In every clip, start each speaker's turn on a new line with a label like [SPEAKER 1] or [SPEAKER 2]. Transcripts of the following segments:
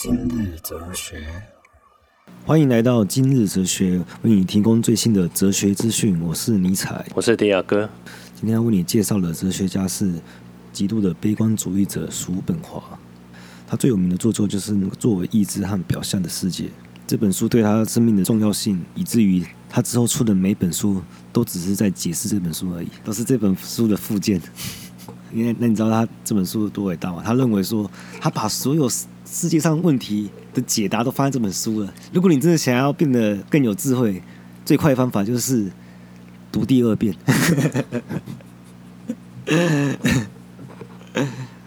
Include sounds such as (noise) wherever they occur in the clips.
[SPEAKER 1] 今日哲學，
[SPEAKER 2] 歡迎來到今日哲學，為你提供最新的哲學資訊。我是尼采，
[SPEAKER 1] 我是迪亞哥。
[SPEAKER 2] 今天要為你介紹的哲學家是極度的悲觀主義者叔本華。他最有名的著作、作就是那《作為意志和表象的世界》這本書，對他生命的重要性，以至於他之後出的每本書都只是在解釋這本書而已，都是這本書的附件。 (laughs) 因為那你知道他這本書多偉大嗎？他認為說，他把所有。世界上問題的解答都放在這本書了。如果你真的想要變得更有智慧，最快的方法就是讀第二遍。 (laughs)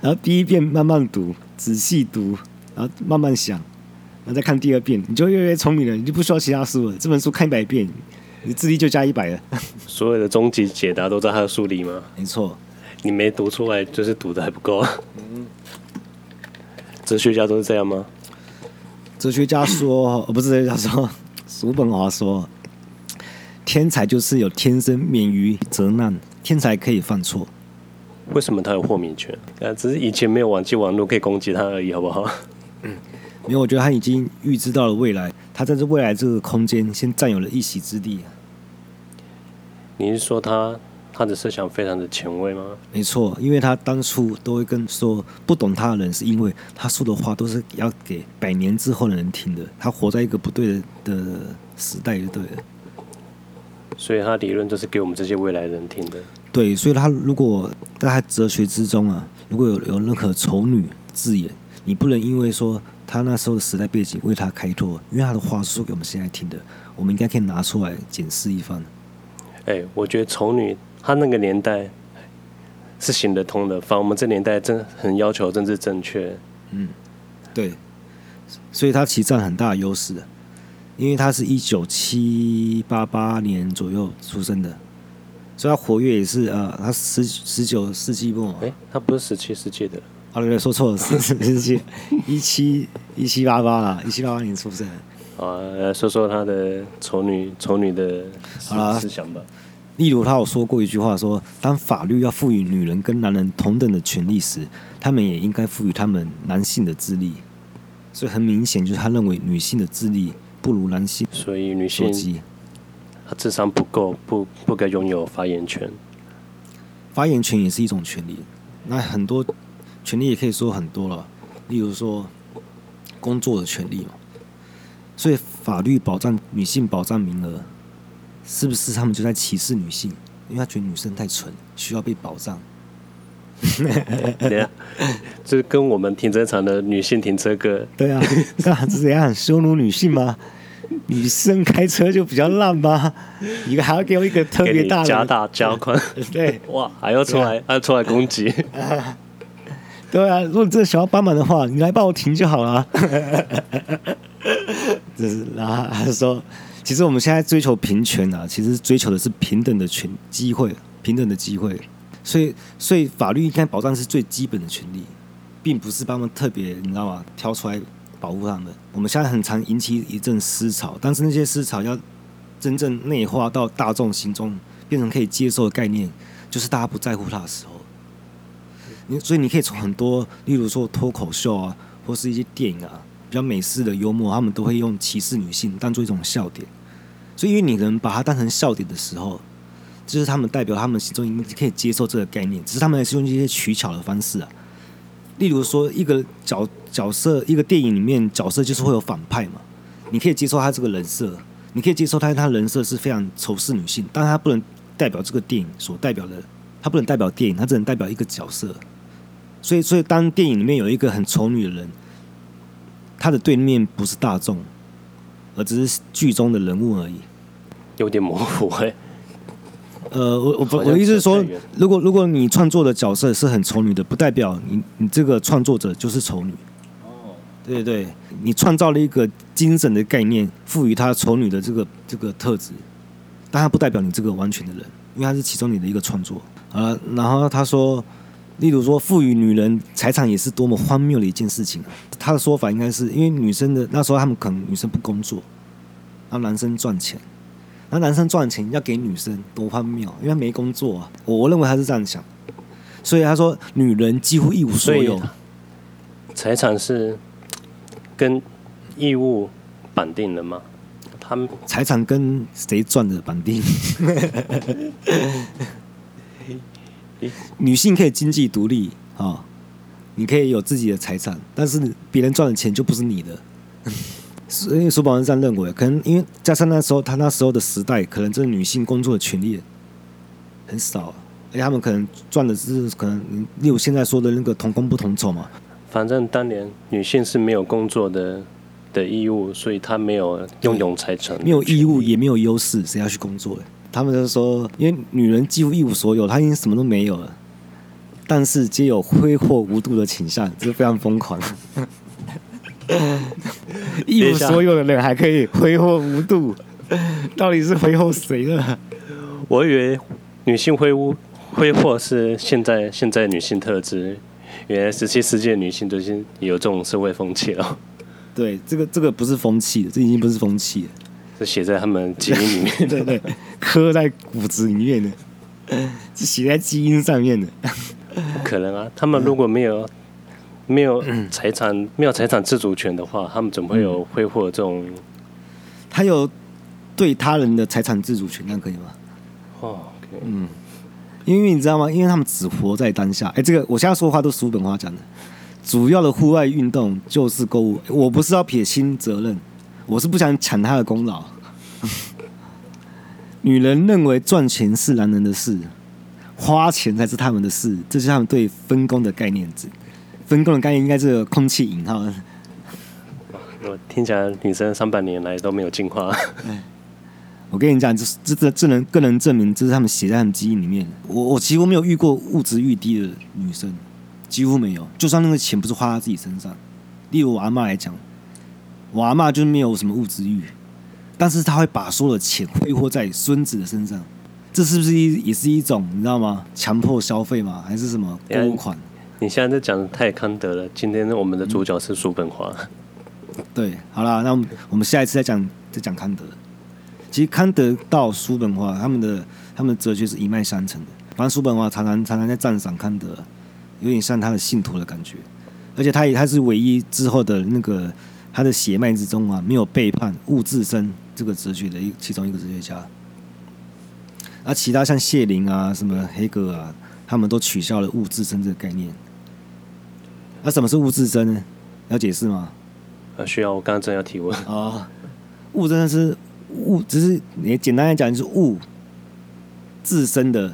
[SPEAKER 2] 然後第一遍慢慢讀，仔細讀，然後慢慢想，然後再看第二遍，你就越來越聰明了。你就不需要其他書了。這本書看一百遍，你智力就加一百了。
[SPEAKER 1] 所有的終極解答都在他的書裡嗎？沒錯，你沒讀出來，就是讀的還不夠。哲學家都是這樣嗎？
[SPEAKER 2] 哲學家說，不是哲學家說，叔本華說，天才就是有天生免於責難，天才可以犯錯。
[SPEAKER 1] 為什麼他有豁免權？只是以前沒有忘記網際網絡可以攻擊他而已，好不好？嗯，
[SPEAKER 2] 因為我覺得他已經預知到了未來，他在這未來這個空間先占有了一席之地。
[SPEAKER 1] 你是說他？他的設想非常的前
[SPEAKER 2] 衛嗎？沒錯，因為他當初都會跟說不懂他的人，是因為他說的話都是要給百年之後的人聽的。他活在一個不對的的時代就對了。所以，他
[SPEAKER 1] 理論就是給我們這些未來人聽
[SPEAKER 2] 的。對，所以，他如果在他哲學之中啊，如果有有任何“仇女”字眼，你不能因為說他那時候的時代背景為他開脫，因為他的話是說給我們現在聽的，我們應該可以拿出來檢視一番。哎、欸，
[SPEAKER 1] 我覺得“仇女”。他那個年代是行得通的，反正我們這年代真很要求政治正確。嗯，
[SPEAKER 2] 對，所以他其實占很大優勢的，因為他是一九七八八年左右出生的，所以他活躍也是啊、呃。他十十九世紀末，哎、欸，他不是十七世紀的，啊對對，說錯了，十七世紀，一七一七八八啦，一七八八年出生。啊，來來說說他的仇女仇女的啊，思想吧。例如，他有說過一句話說，說當法律要賦予女人跟男人同等的權利時，他們也應該賦予他們男性的智力。所以很明顯，就是他認為女性的智力不如男性的，所以女性
[SPEAKER 1] 她智商不夠，不不該擁有發言權。
[SPEAKER 2] 發言權也是一種權利。那很多權利也可以說很多了，例如說工作的權利嘛。所以法律保障女性，保障名額。是不是他們就在歧視女性？因為他覺得女生太蠢，需要被保障。對
[SPEAKER 1] (laughs) 呀，這跟我們停車場的女性停車格。
[SPEAKER 2] 對啊，這樣是怎樣羞辱女性嗎？女生開車就比較爛吧？一個還要給我一個特別大，加
[SPEAKER 1] 大加寬。對，哇，還要出
[SPEAKER 2] 來，啊、還要出來攻擊。對啊，如果你真的想要幫忙的話，你來幫我停就好了。這、 (laughs) 就是然後他說？其實我們現在追求平權啊，其實追求的是平等的權機會，平等的機會。所以，所以法律應該保障是最基本的權利，並不是幫我們特別，你知道嗎？挑出來保護他們。我們現在很常引起一陣思潮，但是那些思潮要真正內化到大眾心中，變成可以接受的概念，就是大家不在乎他的時候。你所以你可以從很多，例如說脫口秀啊，或是一些電影啊。比較美式的幽默，他們都會用歧視女性當做一種笑點，所以因為你能把它當成笑點的時候，就是他們代表他們心中你可以接受這個概念，只是他們還是用一些取巧的方式啊。例如說，一個角、角色，一個電影裡面角色就是會有反派嘛，你可以接受他這個人設，你可以接受他他人設是非常仇視女性，但他不能代表這個電影所代表的，他不能代表電影，他只能代表一個角色。所以，所以當電影裡面有一個很醜女的人。他的對面不是大眾，而只是劇中的人物而已，有點模糊哎。呃，我我不，我的意思是說，如果如果你創作的角色是很醜女的，不代表你你這個創作者就是醜女。哦，對對，你創造了一個精神的概念，賦予她醜女的這個這個特質，但他不代表你這個完全的人，因為他是其中你的一個創作。好了，呃，然後他說。例如說，賦予女人財產也是多麼荒謬的一件事情啊。他的說法應該是因為女生的那時候，他們可能女生不工作啊，那男生賺錢啊，那男生賺錢要給女生多荒謬，因為他沒工作啊。我我認為他是這樣想，所以他說女人幾乎一無所有，財產是
[SPEAKER 1] 跟義務綁定的嗎？他們
[SPEAKER 2] 財產跟誰賺的綁定？ (laughs) (laughs) 女性可以經濟獨立啊、哦，你可以有自己的財產，但是別人賺的錢就不是你的。所以叔本華這樣認為，可能因為加上那時候他那時候的時代，可能這女性工作的權利很少，而且他們可能賺的是可能，你，例如現在說的那個同工不同酬嘛。
[SPEAKER 1] 反正當年女性是沒有工作的的義務，所以她沒有擁有財產，沒有義
[SPEAKER 2] 務也沒有優勢，誰要去工作？欸他們就說：“因為女人幾乎一無所有，她已經什麼都沒有了，但是皆有揮霍無度的傾向，這是非常瘋狂。 (laughs) 一無所有的人還可以揮霍無度，到底是揮霍誰了？”
[SPEAKER 1] 我以為女性揮污揮霍是現在現在女性特質，原來十七世紀的女性都已經有這種社會風
[SPEAKER 2] 氣了。對，這個這個不是風氣，這已經不是風氣了是寫在他們基因裡面， (laughs) 對不對，對？刻在骨子裡面的，是寫在基因上面的。
[SPEAKER 1] 不可能啊！他們如果沒有沒有財產、沒有財
[SPEAKER 2] 產自主權的話，他們怎麼會有揮霍這種、嗯？他有對他人的財產自主權，那可以嗎？哦、okay，嗯，因為你知道嗎？因為他們只活在當下。哎、欸，這個我現在說的話都是叔本華講的。主要的戶外運動就是購物。我不是要撇清責任。我是不想搶他的功勞。 (laughs) 女人認為賺錢是男人的事，花錢才是他們的事，這是他們對分工的概念。分工的概念應該是空氣引號的。
[SPEAKER 1] (laughs) 我聽起來女生三百年來都沒有進化。
[SPEAKER 2] (laughs) 我跟你講，這是這這這能更能證明，這是他們寫在他們基因裡面。我我幾乎沒有遇過物質慾低的女生，幾乎沒有。就算那個錢不是花在自己身上，例如我阿嬤來講。阿嬤，就是沒有什麼物質欲，但是他會把所有的錢揮霍在孫子的身上，這是不是一也是一種你知道嗎？強迫消費嘛，還是什麼撥
[SPEAKER 1] 款？你現在在講得太康德了，今天我們的主角是叔本
[SPEAKER 2] 華，嗯。對，好啦，那我們我們下一次再講再講康德。其實康德到叔本華，他們的他們的哲學是一脈相承的。反正叔本華常常常常在讚賞康德，有點像他的信徒的感覺，而且他也他是唯一之後的那個他的血脈之中啊，沒有背叛物自身這個哲學的一其中一個哲學家，而、啊、其他像謝林啊、什麼黑格爾啊，他們都取消了物自身這個概念。那、啊、什麼是物自身呢？要解釋嗎？
[SPEAKER 1] 需要我剛才正要提問
[SPEAKER 2] 啊、哦。物自身是物，只是你簡單的講就是物自身的。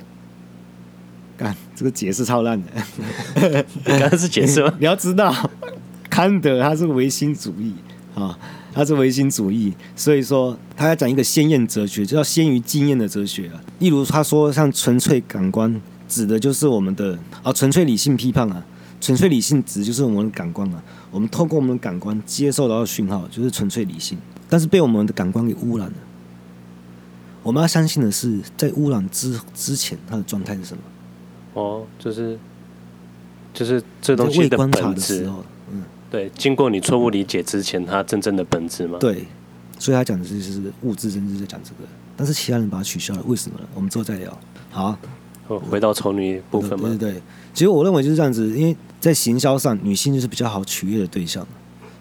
[SPEAKER 2] 幹，這個解釋超爛的。剛 (laughs) 才是解釋嗎？你要知道。康德，哦，他是唯心主義啊，他是唯心主義，所以說他要講一個先驗哲學，就叫先於經驗的哲學例、啊、如他說，像純粹感官指的就是我們的啊，純、哦、粹理性批判啊，純粹理性指就是我們的感官啊，我們透過我們的感官接受到的訊號就是純粹理性，但是被我們的感官給污染了。我們要相信的是，在污染之之前，他的狀態是什麼？哦，就
[SPEAKER 1] 是就是這東西的對，經過你錯誤理解之前，他真正的本質嗎？對，
[SPEAKER 2] 所以他講的就是物質，真正在講這個。但是其他人把它取消了，為什麼呢？我們之後再聊。好，
[SPEAKER 1] 回到仇女部分嗎？對對對，
[SPEAKER 2] 其實我認為就是這樣子，因為在行銷上，女性就是比較好取悅的對象。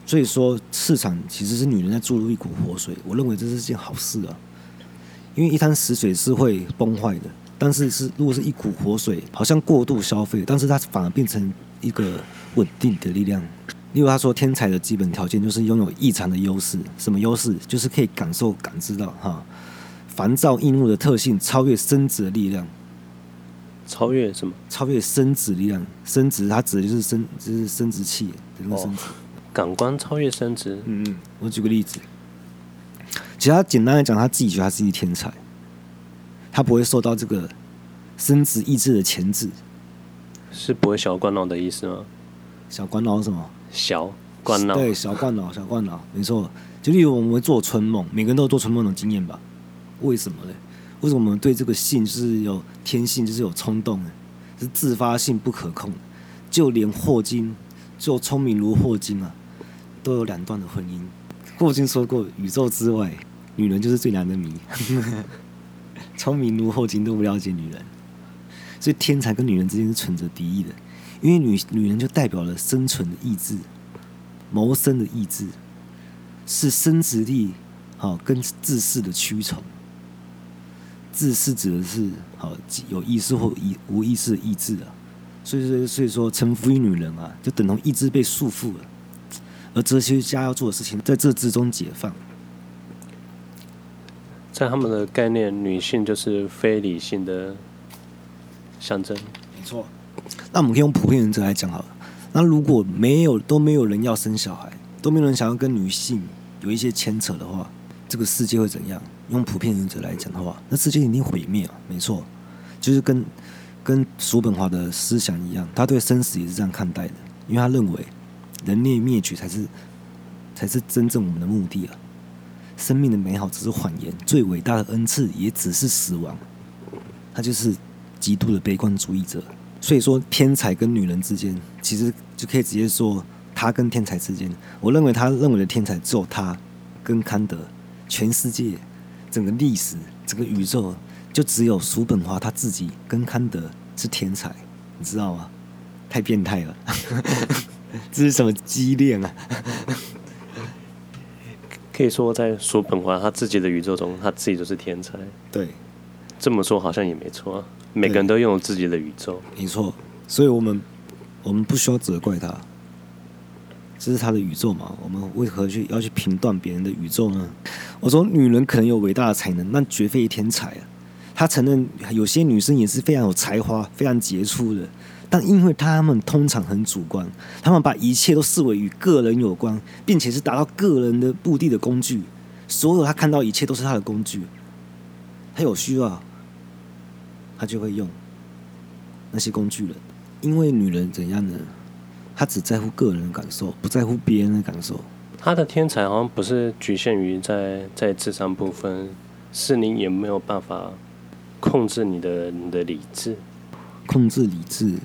[SPEAKER 2] 所以說，市場其實是女人在注入一股活水，我認為這是件好事啊。因為一灘死水是會崩壞的，但是是如果是一股活水，好像過度消費，但是它反而變成一個穩定的力量。例如，他說，天才的基本條件就是擁有異常的優勢。什麼優勢？就是可以感受、感知到哈，煩躁易怒的特性超越生殖的力量。超越什麼？超越生殖力量。生殖，他指的就是生，就是生殖器，能夠生殖。哦，感官超越生殖。嗯嗯。我舉個例子。其實他簡單的講，他自己覺得他是一天才，他不會受到這個生殖意志的鉗制。
[SPEAKER 1] 是不會小觀老的意思嗎？小
[SPEAKER 2] 觀老是什麼？
[SPEAKER 1] 小慣腦，對，
[SPEAKER 2] 小慣腦，小慣腦，沒錯。就例如我們會做春夢，每個人都有做春夢的經驗吧？為什麼呢？為什麼我們對這個性是有天性，就是有衝動呢？是自發性不可控。就連霍金，就聰明如霍金啊，都有兩段的婚姻。霍金說過，宇宙之外，女人就是最難的謎。聰 (laughs) 明如霍金都不了解女人，所以天才跟女人之間是存着敵意的。因為女女人就代表了生存的意志，謀生的意志，是生殖力，好、哦、跟自私的屈從。自私指的是好、哦、有意識或無意識的意志，啊，所以說所以說臣服於女人啊，就等同意志被束縛了。而哲學家要做的事情，在這之中解放。在
[SPEAKER 1] 他們的概念，女性就是非理性的象徵。沒錯。
[SPEAKER 2] 那我們可以用普遍原則來講好了。那如果沒有，都沒有人要生小孩，都沒有人想要跟女性有一些牽扯的話，這個世界會怎樣？用普遍原則來講的話，那世界一定毀滅啊！沒錯，就是跟跟叔本華的思想一樣，他對生死也是這樣看待的，因為他認為人類滅絕才是才是真正我們的目的啊！生命的美好只是謊言，最偉大的恩賜也只是死亡。他就是極度的悲觀主義者。所以說，天才跟女人之間，其實就可以直接說他跟天才之間。我認為他認為的天才只有他跟康德，全世界整個歷史、整個宇宙，就只有叔本華他自己跟康德是天才，你知道嗎？太變態了！ (laughs) 這是什麼畸戀啊？
[SPEAKER 1] 可以說，在叔本華他自己的宇宙中，他自己就是天才。對，這麼說好像也沒錯。每個人都擁有自己的宇宙。
[SPEAKER 2] 沒錯，所以我們我們不需要責怪他，這是他的宇宙嘛。我們為何去要去評斷別人的宇宙呢？我說，女人可能有偉大的才能，但絕非天才啊。她承認有些女生也是非常有才華、非常傑出的，但因為他們通常很主觀，他們把一切都視為與個人有關，並且是達到個人的目的的工具。所有他看到一切都是他的工具，他有需要。他就會用那些工具人，因為女人怎樣呢？她只在乎個人的感受，不在乎別人的感受。
[SPEAKER 1] 她的天才好像不是局限於在在智商部分，是你也沒有辦法控制你的你的理智，
[SPEAKER 2] 控制理智。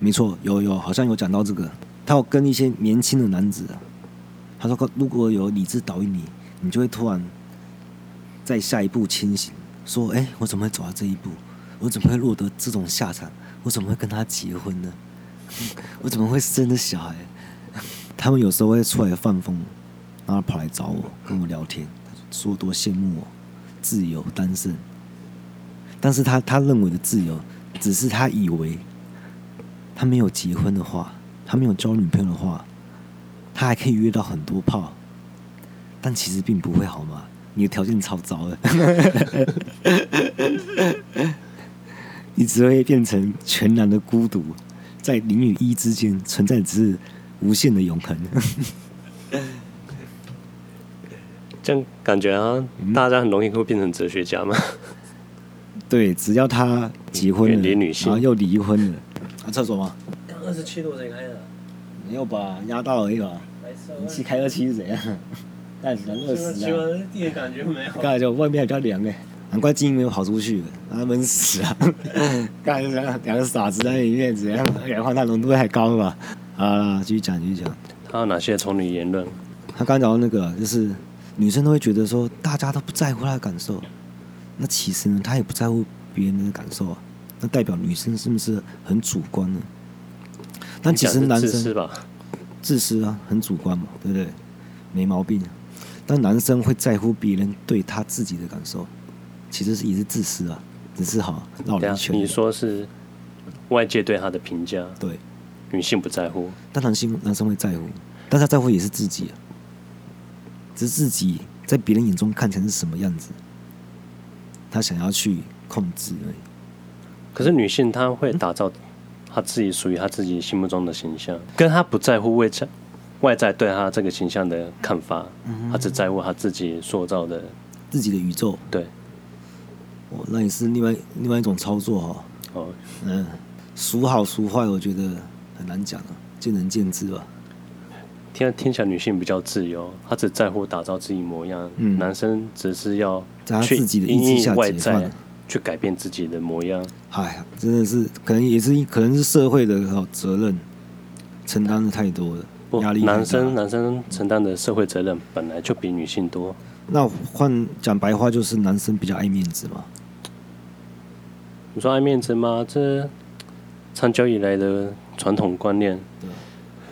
[SPEAKER 2] 沒錯，有有好像有講到這個，他有跟一些年輕的男子，他說如果有理智導引你，你就會突然在下一步清醒，說哎，我怎麼會走到這一步？我怎麼會落得這種下場？我怎麼會跟他結婚呢？我怎麼會生的小孩？他們有時候會出來放風，然後跑來找我，跟我聊天，說多羨慕我自由單身。但是他他認為的自由，只是他以為他沒有結婚的話，他沒有交女朋友的話，他還可以約到很多炮。但其實並不會好嗎？你的條件超糟的。 (laughs) 你只會變成全然的孤獨，在零與一之間存在只是無限的永恆，
[SPEAKER 1] (laughs) 這樣感覺啊，大家很容易會變成哲
[SPEAKER 2] 學家嘛、嗯。對，只要他結婚離又離婚了。上、啊、廁所嗎？剛二十七度，誰開的？沒有吧，壓到而已吧。零七開二,七、啊啊、二十、啊、七度，但人都死了。今晚也感覺沒有。剛才就外面比較涼誒、欸。難怪金英沒有跑出去，讓他悶死啊！看 (laughs) 這兩個傻子在裡面怎樣，二氧化碳濃度太高了吧？啊，繼續講，繼續講。
[SPEAKER 1] 他有哪些仇女言
[SPEAKER 2] 論？他剛剛講到的那個，就是女生都會覺得說，大家都不在乎她的感受，那其實呢，她也不在乎別人的感受啊。那代表女生是不是很主觀呢？但其實男生是自私吧？自私啊，很主觀嘛，對不對？沒毛病、啊。但男生會在乎別人對他自己的感受。其實也是自私啊，只是哈。老你
[SPEAKER 1] 說是外界對他的評價，對，女性不在乎，
[SPEAKER 2] 但男性男生會在乎，但他在乎也是自己啊，只是自己在別人眼中看起來是什麼樣子，他想要去控制而已。
[SPEAKER 1] 可是女性她會打造她自己屬於她自己心目中的形象，跟她不在乎外在外在對她這個形象的看法，嗯
[SPEAKER 2] 哼哼，她只
[SPEAKER 1] 在乎她自己塑造的自己的宇宙，對。
[SPEAKER 2] 哦，那也是另外另外一種操作哈、哦。哦，嗯，孰好孰壞，我覺得很難講了，啊，見仁見智吧。聽聽起來，女
[SPEAKER 1] 性比較自由，她只在乎打造自己模樣。嗯，男生只是要在自己的意志下，外在去改變自己的模樣。
[SPEAKER 2] 嗨、嗯、真的是，可能也是，可能是社會的好責任承擔的太多了，壓力。男生男生承擔的社會責任本來就比女性多。那換講白話就是男生比較愛面子嘛？
[SPEAKER 1] 你說愛面子嗎？這長久以來的傳統觀念。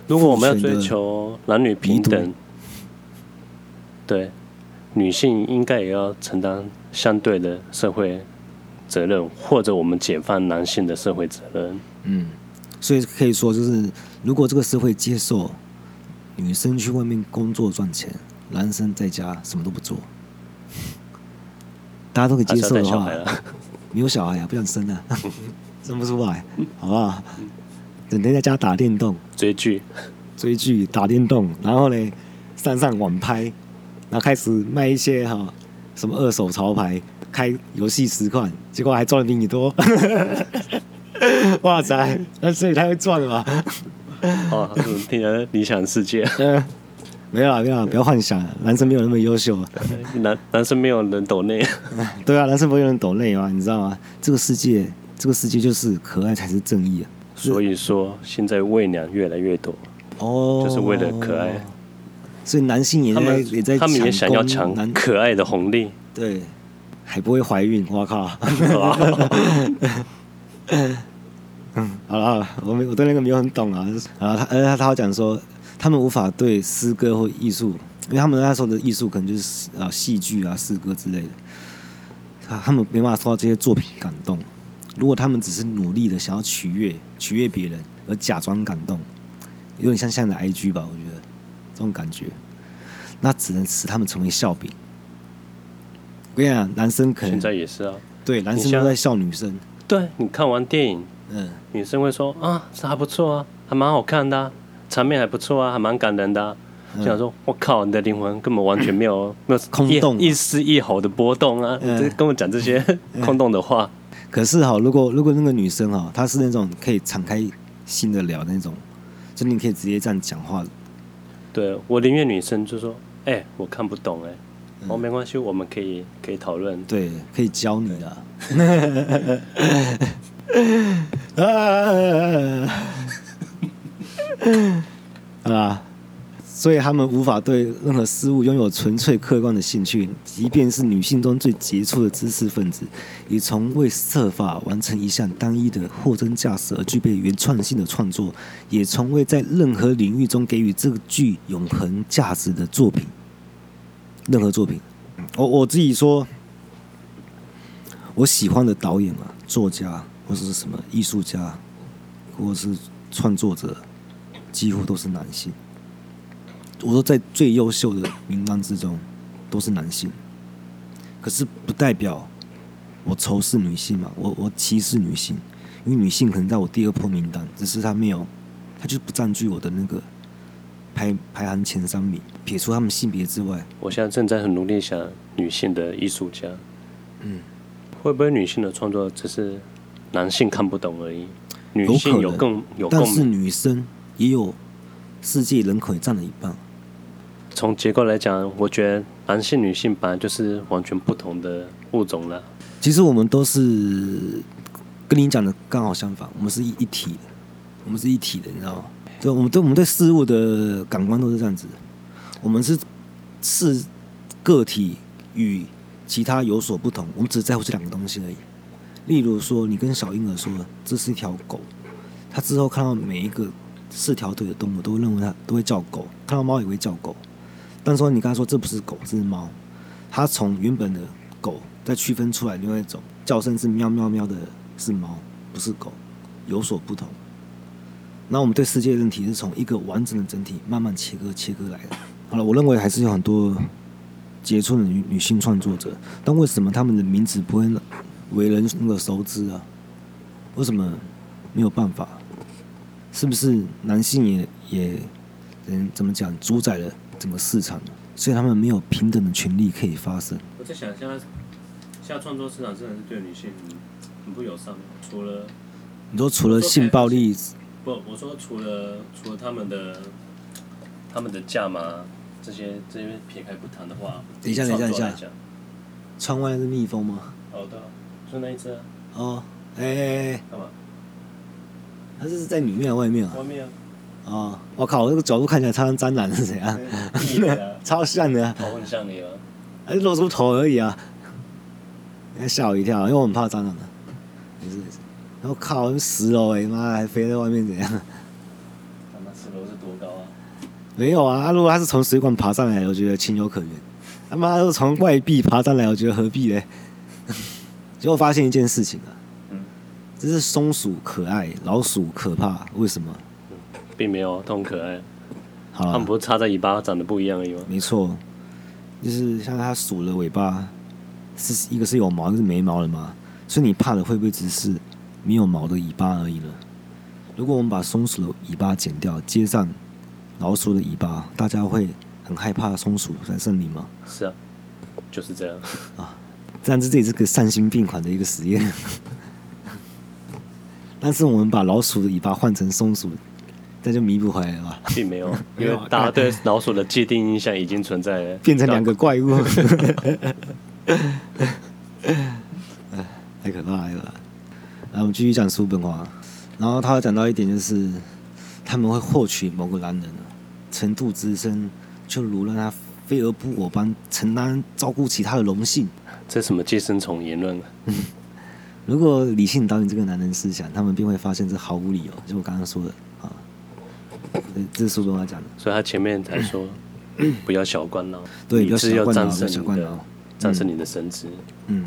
[SPEAKER 1] 如果我們要追求男女平等，對，女性應該也要承擔相對的社會責任，或者我們解放男性的社會責任。嗯，
[SPEAKER 2] 所以可以說就是，如果這個社會接受女生去外面工作賺錢。男生在家什麼都不做，大家都可以接受的話，沒有小孩呀、啊，不想生啊，生不出來，好不好？整天在家打電動、追劇、追劇、打電動，然後呢，上上網拍，然後開始賣一些哈，什麼二手潮牌、開遊戲實況，結果還賺的比你多，哇塞，那所以他會賺嘛？哦，聽起來理想世界。沒有啦，沒有啦，不要幻想，男生沒有那麼優秀，啊，
[SPEAKER 1] 男男生沒有人抖內、嗯，
[SPEAKER 2] 對啊，男生沒有人抖內啊，你知道嗎？這個世界，這個世界就是可愛才是正義啊。
[SPEAKER 1] 所以說，現在偽娘越來越多，哦，就
[SPEAKER 2] 是為了可愛。所以男性也在，他們也在，他們也想要搶可愛的紅利。對，還不會懷孕，我靠。嗯 (laughs) 哇， (laughs) 好了好了，我們我對那個沒有很懂啊，然後他而、呃、他好講說。他們無法對詩歌或藝術，因為他們那時候的藝術可能就是啊戲劇啊詩歌之類的他，他們沒辦法受到這些作品感動。如果他們只是努力的想要取悅取悅別人而假裝感動，有點像現在的 IG 吧，我覺得這種感覺，那只能使他們成為笑柄。我跟你講，男生可能現
[SPEAKER 1] 在也是、啊、對，男生都在
[SPEAKER 2] 笑女生。
[SPEAKER 1] 對，你看完電影，嗯，女生會說啊，這還不錯啊，還蠻好看的、啊。場面還不錯啊，還蠻感人的、啊。就、嗯、想說，我靠，你的靈魂根本完全沒有那、嗯、空洞、啊、一絲一,一毫的波動啊！就、嗯、跟我講這些空洞的話。嗯嗯、
[SPEAKER 2] 可是哈，如果如果那個女生哈，她是那種可以敞開心的聊那種，就你可以直接這樣講話。
[SPEAKER 1] 對我寧願女生就說，哎、欸，我看不懂哎、欸，然、嗯、後、哦、沒關係，我們可以可以討論，對，
[SPEAKER 2] 可以教你的。 (laughs) (laughs) (laughs) 啊 (laughs) ，uh，所以他們無法對任何事物擁有純粹客觀的興趣。即便是女性中最傑出的知識分子，也從未設法完成一項單一的貨真價實而具備原創性的創作，也從未在任何領域中給予這個具永恆價值的作品。任何作品，我我自己說，我喜歡的導演啊、作家，或是什麼藝術家，或是創作者。幾乎都是男性。我說在最優秀的名單之中，都是男性。可是不代表我仇視女性嘛？我我歧視女性，因為女性可能在我第二波名單，只是她沒有，她就不佔據我的那個排排行前三名。撇除他們性別之外，
[SPEAKER 1] 我現在正在很努力想女性的藝術家。嗯，會不會女性的創作只是男性看不懂而已？女性有更有，可能有，但是
[SPEAKER 2] 女生。也有，世界人口也佔了一半。
[SPEAKER 1] 從結構來講，我覺得男性、女性本來就是完全不同的物
[SPEAKER 2] 種了。其實我們都是跟你講的剛好相反，我們是一一體的，我們是一體的，你知道嗎？對，我們對，我們對事物的感官都是這樣子。我們是是個體與其他有所不同，我們只在乎這兩個東西而已。例如說，你跟小嬰兒說，這是一條狗，他之後看到每一個。四條腿的動物都認為它，都會叫狗，看到貓也會叫狗。但是說你剛才說這不是狗，這是貓，它從原本的狗再區分出來另外一種叫聲是喵喵喵的是是貓不是狗，有所不同。那我們對世界的認識是從一個完整的整體慢慢切割切割來的。好了，我認為還是有很多傑出的女女性創作者，但為什麼他們的名字不會為人那個熟知啊？為什麼沒有辦法？是不是男性也也，嗯，怎麼講，主宰了整個市場，所以他們沒有平等的權利可以發聲。我
[SPEAKER 1] 在想，現在現在創作市場真的是對女性很不友善，除了
[SPEAKER 2] 你說除了性暴力，不，
[SPEAKER 1] 我說除了除了他們的他們的價碼這些這些撇開不談的話，等一下等一下，
[SPEAKER 2] 窗外是蜜蜂嗎？好的，就那一隻啊？哦，oh，哎哎哎，幹嘛？他是在裡面外面啊。外面、啊、哦，我靠，我這個角度看起來他像蟑螂是怎樣？欸的啊、 (laughs) 超像的、啊。頭很像你啊。還是露出頭而已啊。嚇我一跳、啊，因為我很怕蟑螂的、啊。沒事沒事。我靠，十樓哎、欸、媽還飛在外面怎樣？他、啊、媽十樓是多高啊？沒有啊，啊，如果他是從水管爬上來，我覺得情有可原。他、啊、媽是從外壁爬上來，我覺得何必呢 (laughs) 結果發現一件事情啊。只是松鼠可愛，老鼠可怕，為什麼？嗯、
[SPEAKER 1] 並沒有都可愛。
[SPEAKER 2] 好，他們不
[SPEAKER 1] 是插在尾巴長得不
[SPEAKER 2] 一樣而已嗎？沒錯，就是像它鼠的尾巴是一個是有毛，一個是沒毛的嘛。所以你怕的會不會只是沒有毛的尾巴而已呢？如果我們把松鼠的尾巴剪掉，接上老鼠的尾巴，大家會很害怕松鼠在勝你嗎？
[SPEAKER 1] 是啊，就是這樣
[SPEAKER 2] 啊。但是這也是個喪心病狂的一個實驗。但是我們把老鼠的尾巴換成松鼠，這就彌補回來了吧？並沒有，
[SPEAKER 1] 因為大家對老鼠的既定印象已經存在了， (laughs) 變成兩個
[SPEAKER 2] 怪物， (laughs) (laughs) 太可怕了吧？來，我們繼續講叔本華，然後他講到一點就是，他們會獲取某個男人程度之深，就如了他飛蛾撲火般承擔照顧起他的榮幸。這是什麼寄生蟲言論啊？ (laughs) 如果理性導演這個男人思想，他們便會發現這毫無理由。就我剛剛說的啊，這是叔本華講的。
[SPEAKER 1] 所以他前面才說 (coughs) 不要小觀吶，對，就是要戰勝你的，戰勝你的生殖、嗯。
[SPEAKER 2] 嗯，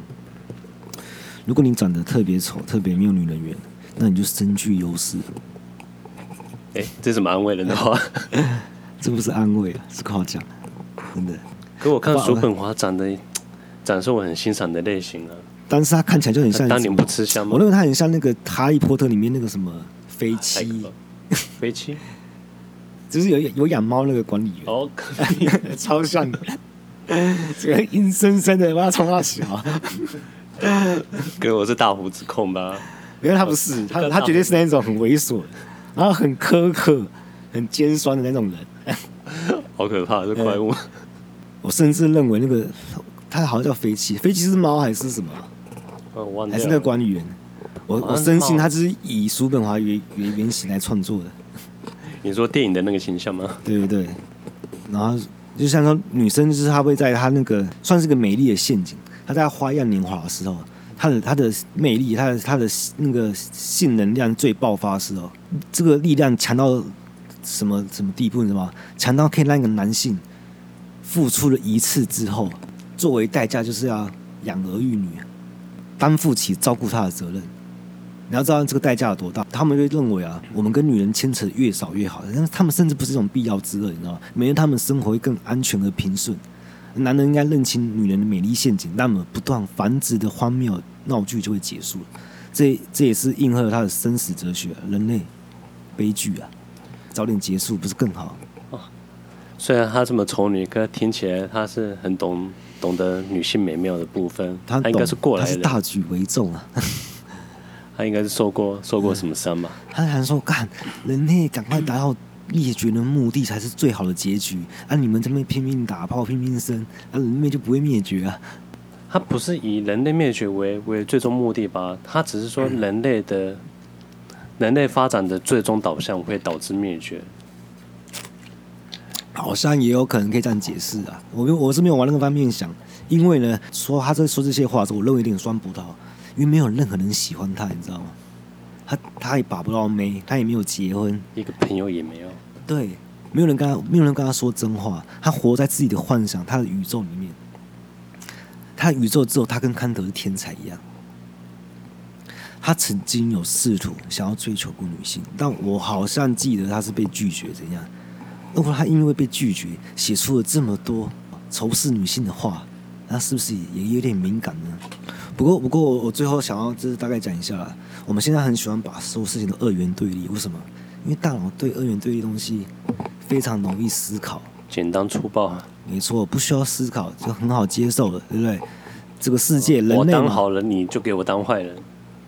[SPEAKER 2] 如果你長得特別醜，特別沒有女人緣，那你就身具優勢。
[SPEAKER 1] 哎、欸，這是什麼安慰人的話？
[SPEAKER 2] (laughs) (laughs) 這不是安慰啊，是誇獎。真的，
[SPEAKER 1] 可我看叔本華長得，長得我很欣賞的類型
[SPEAKER 2] 啊。但是他看起來就很像，當年不吃香嗎？我認為他很像那個《哈利波特》裡面那個什麼飛七，飛七，就是有有養貓那個管理員，好可愛，超像的。這個陰森森的，我要衝他去啊！
[SPEAKER 1] 哥，我是大鬍子控吧？
[SPEAKER 2] 沒有，他不是，他他絕對是那種很猥瑣，然後很苛刻、很尖酸的那種人。
[SPEAKER 1] 好可怕，
[SPEAKER 2] 這怪物！我甚至認為那個他好像叫飛七，飛七是貓還是什麼？還是那個官員，我我深信他就是以叔本華原原原始來創作的。
[SPEAKER 1] 你說電影的那個形象嗎？
[SPEAKER 2] 對 (laughs) 對對。然後就像說女生就是她會在她那個算是個美麗的陷阱，她在花樣年華的時候，她的她的魅力，她的她的那個性能量最爆發的時候，這個力量強到什麼什麼地步？你知道嗎？強到可以讓一個男性付出了一次之後，作為代價就是要養兒育女。擔負起照顧他的責任，你要知道這個代價有多大。他們就認為啊，我們跟女人牽扯越少越好，但是他們甚至不是這種必要之惡，你知道嗎？每天他們生活會更安全和平順。男人應該認清女人的美麗陷阱，那麼不斷繁殖的荒謬鬧劇就會結束了。這這也是應和了他的生死哲學啊，人類悲劇啊，早點結束不是更好？雖然
[SPEAKER 1] 他這麼仇女，可聽起來他是很懂懂得女性美妙的部分。他，他應該是過來人，他是大
[SPEAKER 2] 局為重啊。
[SPEAKER 1] (laughs) 他應該是受過受過什麼傷吧？
[SPEAKER 2] 他想說，幹人類趕快達到滅絕的目的才是最好的結局。啊，你們這邊拼命打炮，拼命生，那、啊、人類就不會滅絕啊。
[SPEAKER 1] 他不是以人類滅絕為為最終目的吧？他只是說人類的 (laughs) 人類發展的最終導向會導致滅絕。
[SPEAKER 2] 好像也有可能可以這樣解釋啊，我我是沒有往那個方面想，因為呢，說他在說這些話的時候，我認為有點酸葡萄，因為沒有任何人喜歡他，你知道嗎？他他也把不到妹，他也沒有結婚，一個朋友也沒有。對，沒有人跟他，沒有人跟他說真話，他活在自己的幻想，他的宇宙裡面。他的宇宙只有他跟康德是天才一樣，他曾經有試圖想要追求過女性，但我好像記得他是被拒絕怎樣。如果他因為被拒絕，寫出了這麼多仇視女性的話，那是不是也有點敏感呢？不過，不過我，我最後想要就是大概講一下啦，我們現在很喜歡把所有事情都二元對立，為什麼？因為大腦對二元對立的東西非常容易思考，簡單粗暴，啊啊。沒錯，不需要思考就很好接受了，對不對？這個世界，哦，人我當好
[SPEAKER 1] 人，你就給我當壞人。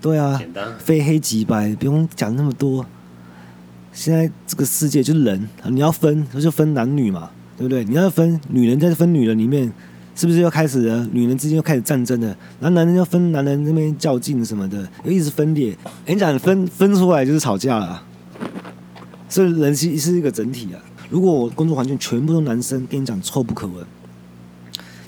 [SPEAKER 2] 對啊，非黑即白，不用講那麼多。現在這個世界就是人，你要分，就分男女嘛，對不對？你要分女人，在分女人裡面，是不是又開始女人之間又開始戰爭了？然後男人要分男人那邊較勁什麼的，又一直分裂。我跟你講，分，分出來就是吵架了。所以人性是，是一個整體啊。如果我工作環境全部都男生，跟你講臭不可聞，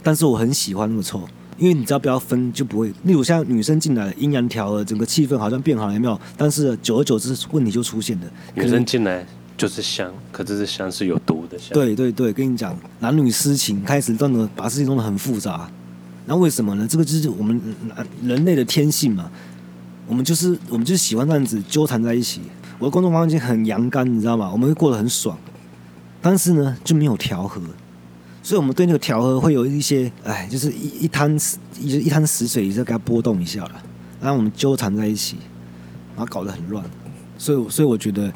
[SPEAKER 2] 但是我很喜歡那個臭。因為你知道，不要分就不會。例如，像女生進來陰陽調和，整個氣氛好像變好了沒有？但是久而久之，問題就出現了。可能女生
[SPEAKER 1] 進來就是香，可這是香是有毒的香。對
[SPEAKER 2] 對對，跟你講，男女私情開始真的把事情弄得很複雜。那為什麼呢？這個就是我們人，人類的天性嘛。我們就是我們就喜歡這樣子糾纏在一起。我的工作環境很陽剛，你知道嗎？我們會過得很爽，但是呢就沒有調和。所以，我們對那個調和會有一些，哎，就是一一灘死，一一灘死水，你在給它撥動一下了，然後我們糾纏在一起，然後搞得很亂。所以，所以我覺得，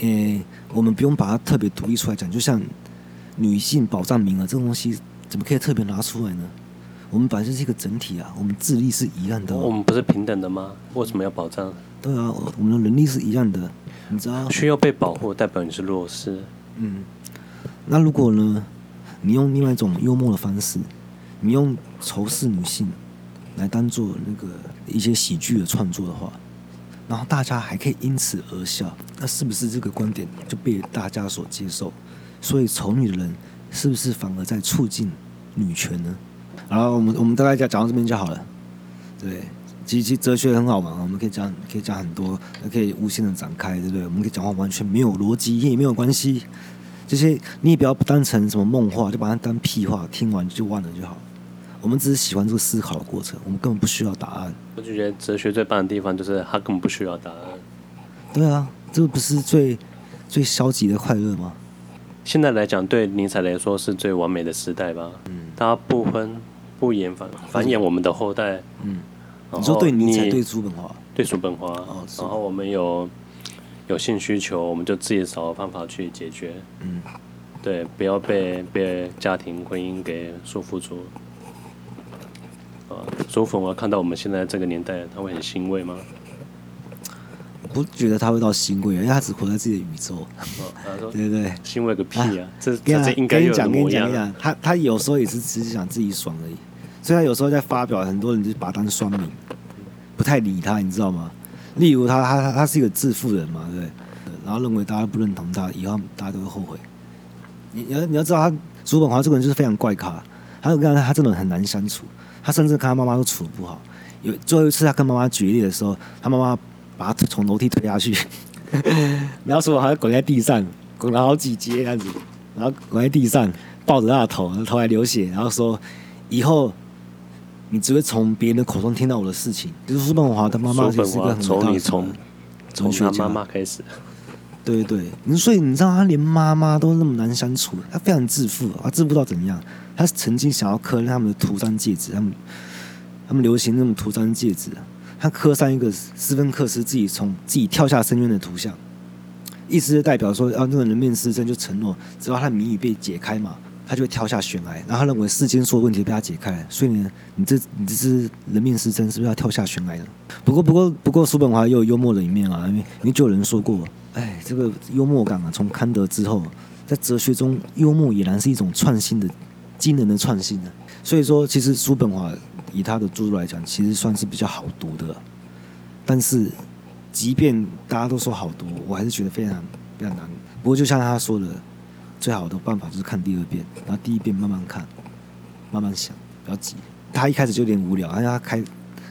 [SPEAKER 2] 嗯、欸，我們不用把它特別獨立出來講。就像女性保障名額這個東西，怎麼可以特別拿出來呢？我們本來就是一個整體啊，我們智力是一樣的。我
[SPEAKER 1] 們不是平等的嗎？為什麼要保障？
[SPEAKER 2] 對啊，我們的能力是一樣的，你知道？
[SPEAKER 1] 需要被保護，代表你是弱勢。
[SPEAKER 2] 嗯，那如果呢？你用另外一種幽默的方式，你用仇視女性來當做那個一些喜劇的創作的話，然後大家還可以因此而笑，那是不是這個觀點就被大家所接受？所以仇女的人是不是反而在促進女權呢？好了，我們我們大概講講到這邊就好了。對，對，其實哲學很好玩，我們可以講可以講很多，可以無限的展開，對不對？我們可以講話完全沒有邏輯也沒有關係。這些你也不要當成什麼夢話，就把它當屁話，聽完就忘了就好了。我們只是喜歡這個思考的過程，我們根本不需要答案。
[SPEAKER 1] 我就覺得哲學最棒的地方就是它根本不需要答案。
[SPEAKER 2] 對啊，這不是最最消極的快樂嗎？
[SPEAKER 1] 現在來講，對尼采來說是最完美的時代吧？嗯，他不婚不言，反，繁衍我們的後代。
[SPEAKER 2] 嗯，你說對才尼采對叔本華，
[SPEAKER 1] 對叔本華、哦。然後我們有。有性需求，我們就自己找方法去解決。嗯，對，不要被被家庭婚姻給束縛住。啊、哦，叔本華啊，看到我們現在這個年代，他會很欣慰嗎？
[SPEAKER 2] 不覺得他會到欣慰，因為他只活在自己的宇宙。哦、對對對，欣慰個屁啊！這這、啊、應該跟你講，跟你講一講。他他有時候也是只是想自己爽而已，雖然有時候在發表，很多人就把他當雙標，不太理他，你知道嗎？例如他他他他是一個自負人嘛，對對，對，然後認為大家不認同他，以後大家都會後悔。你，你要你要知道，他叔本華這個人就是非常怪咖，他就跟他他真的很難相處，他甚至跟他媽媽都處不好。有最後一次他跟媽媽舉例的時候，他媽媽把他從樓梯推下去，然 (laughs) 後說他滾在地上，滾了好幾階這樣子，然後滾在地上抱着他的頭，頭還流血，然後說以後。你只會從別人的口中聽到我的事情，比就是孟華他媽媽就是個很可怕，從你從從他媽媽開始，對對對，所以你知道他連媽媽都那麼難相處，他非常自負，他自負到怎麼樣？他曾經想要刻他們的圖章戒指，他們他們流行的那種圖章戒指，他刻上一個斯芬克斯自己從自己跳下深淵的圖像，意思就代表說，啊，那個人面獅身就承諾，只要他的謎語被解開嘛。他就會跳下懸崖，然後他認為世間所有問題被他解開，所以呢，你這你這是人命失真，是不是要跳下懸崖的？不過不過不過，叔本華又有幽默的一面啊，因為因為就有人說過，哎，這個幽默感啊，從康德之後，在哲學中，幽默已然是一種創新的驚人的創新了啊。所以說，其實叔本華以他的著作來講，其實算是比較好讀的。但是，即便大家都說好讀，我還是覺得非常非常難。不過，就像他說的。最好的辦法就是看第二遍，然後第一遍慢慢看，慢慢想，不要急。他一開始就有點無聊，因為他開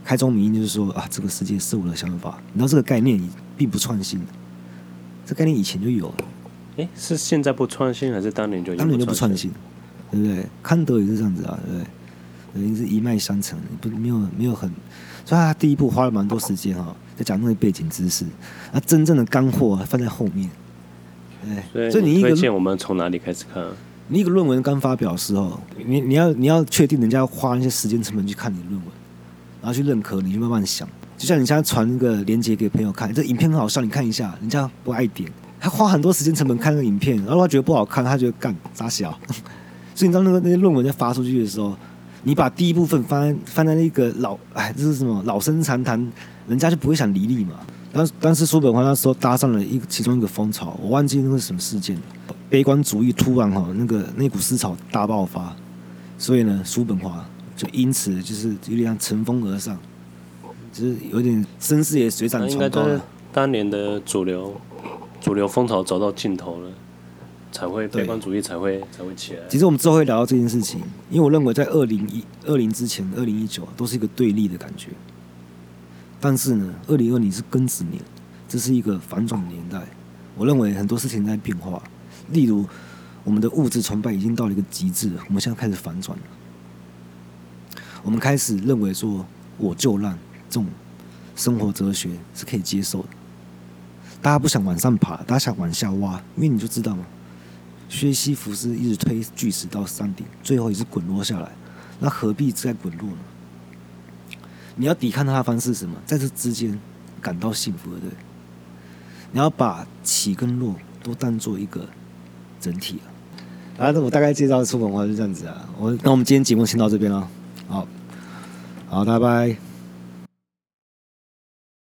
[SPEAKER 2] 開宗明義，就是說啊，這個世界是我的想法。然後這個概念已並不創新，這概念以前就有了。誒，
[SPEAKER 1] 是現在不創新還是當年就？當年就不創
[SPEAKER 2] 新，對不對？康德也是這樣子啊，對不對？對，等於是一脈相承，不沒有沒有很，所以他第一步花了蠻多時間啊，在講那些背景知識，啊，真正的乾貨放在後面。
[SPEAKER 1] 哎，所以你一個推薦我們從哪裡開始看
[SPEAKER 2] 啊？你一個論文剛發表的時候，你你要你要確定人家要花那些時間成本去看你的論文，然後去認可你，就慢慢想。就像你現在傳那個連接給朋友看，欸，這影片很好笑，你看一下，人家不愛點，他花很多時間成本看那個影片，然後他覺得不好看，他覺得幹咋想。小 (laughs) 所以你知道那個那些論文在發出去的時候，你把第一部分翻翻在，在那個老哎，這是什麼老生常談，人家就不會想理你嘛。但但是叔本華那時候搭上了一其中一個風潮，我忘記那個什麼事件，悲觀主義突然哈那個那股思潮大爆發，所以呢叔本華就因此就是有點像乘風而上，就是有點聲勢也水漲船高。應
[SPEAKER 1] 該當年的主流，主流風潮走到盡頭了，才會悲觀主義才會才會起來。其實我們之後
[SPEAKER 2] 會聊到這件事情，因為我認為在二零一二零之前，二零一九都是一個對立的感覺。但是呢，二零二零是庚子年，這是一個反轉的年代。我認為很多事情在變化，例如我們的物質崇拜已經到了一個極致，我們現在開始反轉了。我們開始認為說，我就爛這種生活哲學是可以接受的。大家不想往上爬，大家想往下挖，因為你就知道嗎？薛西弗斯一直推巨石到山頂，最後也是滾落下來，那何必再滾落呢？你要抵抗他的方式是什麼？在這之間感到幸福的。對，你要把起跟落都當做一個整體了啊。啊，那我大概介紹叔本華就這樣子啊。我那我們今天節目先到這邊了。好，好，拜拜。